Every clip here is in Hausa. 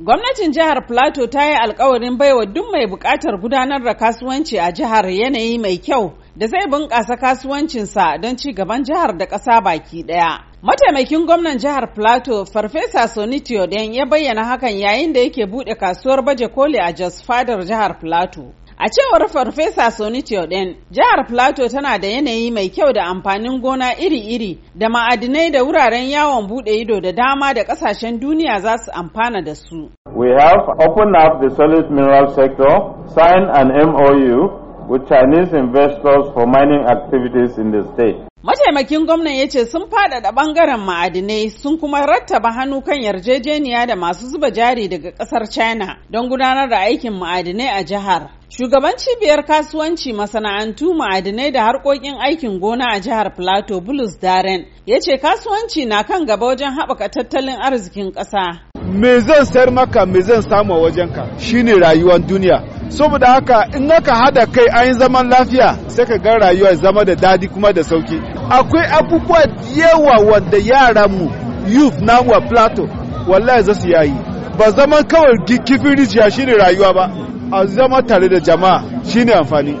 Gwamnatin jihar Plateau ta yi alkawarin baiwa duk mai buƙatar gudanar da kasuwanci a jihar yanayi mai kyau da zai bunƙasa kasuwancinsa don ci gaban jihar da ƙasa baki ɗaya. Mataimakin gwamnan jihar Plateau, Farfesa Soni Tioden ya bayyana hakan yayin da yake buɗe kasuwar baje koli a Jos Fadar jihar Plateau. A cewar Farfesa Soni Tioden, jihar Plateau tana da yanayi mai kyau da amfanin gona iri-iri da ma'adinai da wuraren yawon bude ido da dama da kasashen duniya za su amfana da su. We have opened up the solid mineral sector, signed an MOU with Chinese investors for mining activities in the state. Mataimakin gwamnan ya ce sun faɗaɗa ɓangaren ma'adinai sun kuma rattaba hannu kan yarjejeniya da masu zuba jari daga ƙasar China don gudanar da aikin ma'adinai a jihar. Shugaban cibiyar kasuwanci masana'antu ma'adinai da harkokin aikin gona a jihar plato Bulus Daren ya ce kasuwanci na kan gaba wajen haɓaka tattalin arzikin ƙasa. Me zan sayar maka me zan samu a wajenka shine rayuwar duniya. saboda haka in aka hada kai an zaman lafiya sai ka ga rayuwa zama da dadi kuma da sauki akwai abubuwa yawa wanda yara mu youth na wa plato wallahi za su yayi ba zaman kawai gikifin rijiya shine rayuwa ba a zama tare da jama'a shine amfani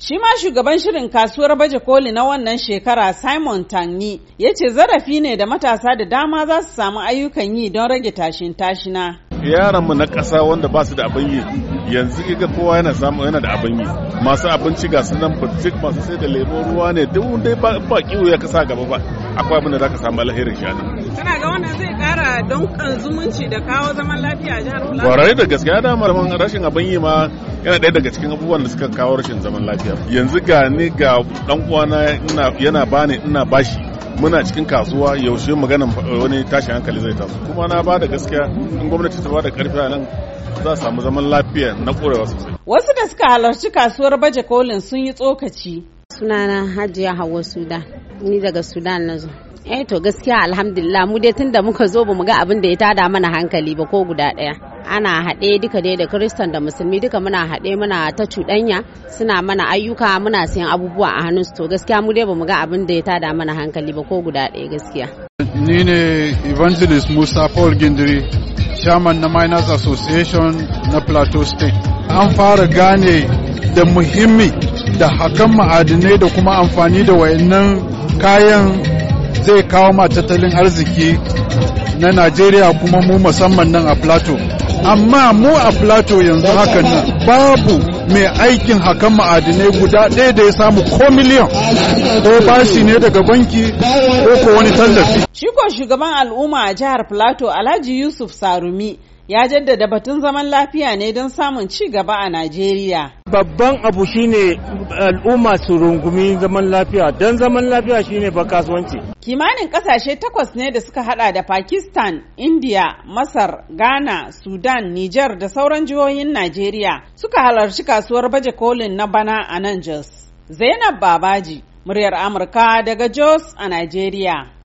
Shi ma shugaban shirin kasuwar baje koli na wannan shekara Simon Tangi ya ce zarafi ne da matasa da dama za su samu ayyukan yi don rage tashin tashina. yaranmu na ƙasa wanda ba su da abin yi yanzu ga kowa yana samu yana da abin yi masu abinci ga su nan burtik masu sai da lemo ruwa ne duk dai ba kiwo ya kasa gaba ba akwai abin da zaka samu alherin shi anan kana ga wannan zai ƙara danƙon zumunci da kawo zaman lafiya a jihar Fulani warai da gaskiya da malaman rashin abin yi ma yana ɗaya daga cikin abubuwan da suka kawo rashin zaman lafiya yanzu ga ni ga dan uwana yana bani ina bashi muna cikin kasuwa yaushe magana eh, wani tashin hankali zai taso kuma na ba da gaskiya in gwamnati ta ba da karfi a nan za samu zaman lafiya na korewa sosai wasu da suka halarci kasuwar baje kolin sun yi tsokaci sunana hajiya hawa sudan ni daga sudan na zo eh to gaskiya alhamdulillah mu dai tunda muka zo ba mu ga abin da ya tada mana hankali ba ko guda ɗaya ana haɗe duka dai da kristan da musulmi duka muna haɗe muna ta cuɗanya suna mana ayyuka muna sayan abubuwa a hannun su to gaskiya mu dai bamu ga abin da ya tada mana hankali ba ko guda ɗaya gaskiya. Ni ne Evangelist Musa Paul Gindiri, Chairman na Miners Association na Plateau State. An fara gane da muhimmi da hakan ma'adinai da kuma amfani da wayannan kayan zai kawo ma tattalin arziki na Najeriya kuma mu musamman nan a Plateau. amma mu a plato yanzu hakan nan babu mai aikin hakan ma'adinai guda ɗaya da ya samu ko miliyan ko bashi ne daga banki ko ko wani tallafi. Shi ko shugaban al'umma a jihar Plateau Alhaji Yusuf Sarumi ya jaddada batun zaman lafiya ne don samun ci gaba a Najeriya. Babban abu shine al'umma su rungumi zaman lafiya don zaman lafiya shine ba kasuwanci. Kimanin kasashe takwas ne da suka hada da Pakistan, India, Masar, Ghana, Sudan, Nijar da sauran jihohin Najeriya suka halarci kasuwar baje kolin na bana a nan Jos. Zainab Babaji, muryar Amurka daga Jos a Najeriya.